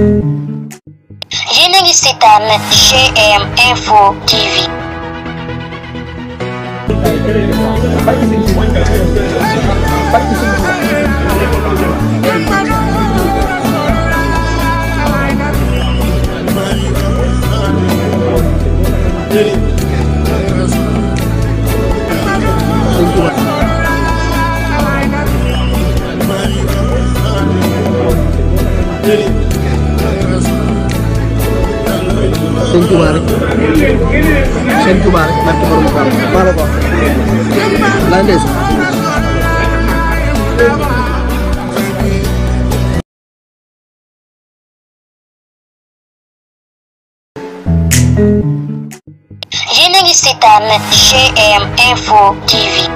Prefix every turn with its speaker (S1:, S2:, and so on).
S1: Jenny Satan JMFO TV.
S2: Thank you. sëñ Tuubaa rek sëñ Tuubaa rek barke borom Gaal maa la ko wax laa ndees
S3: yéen a ngi seetaan GM Info TV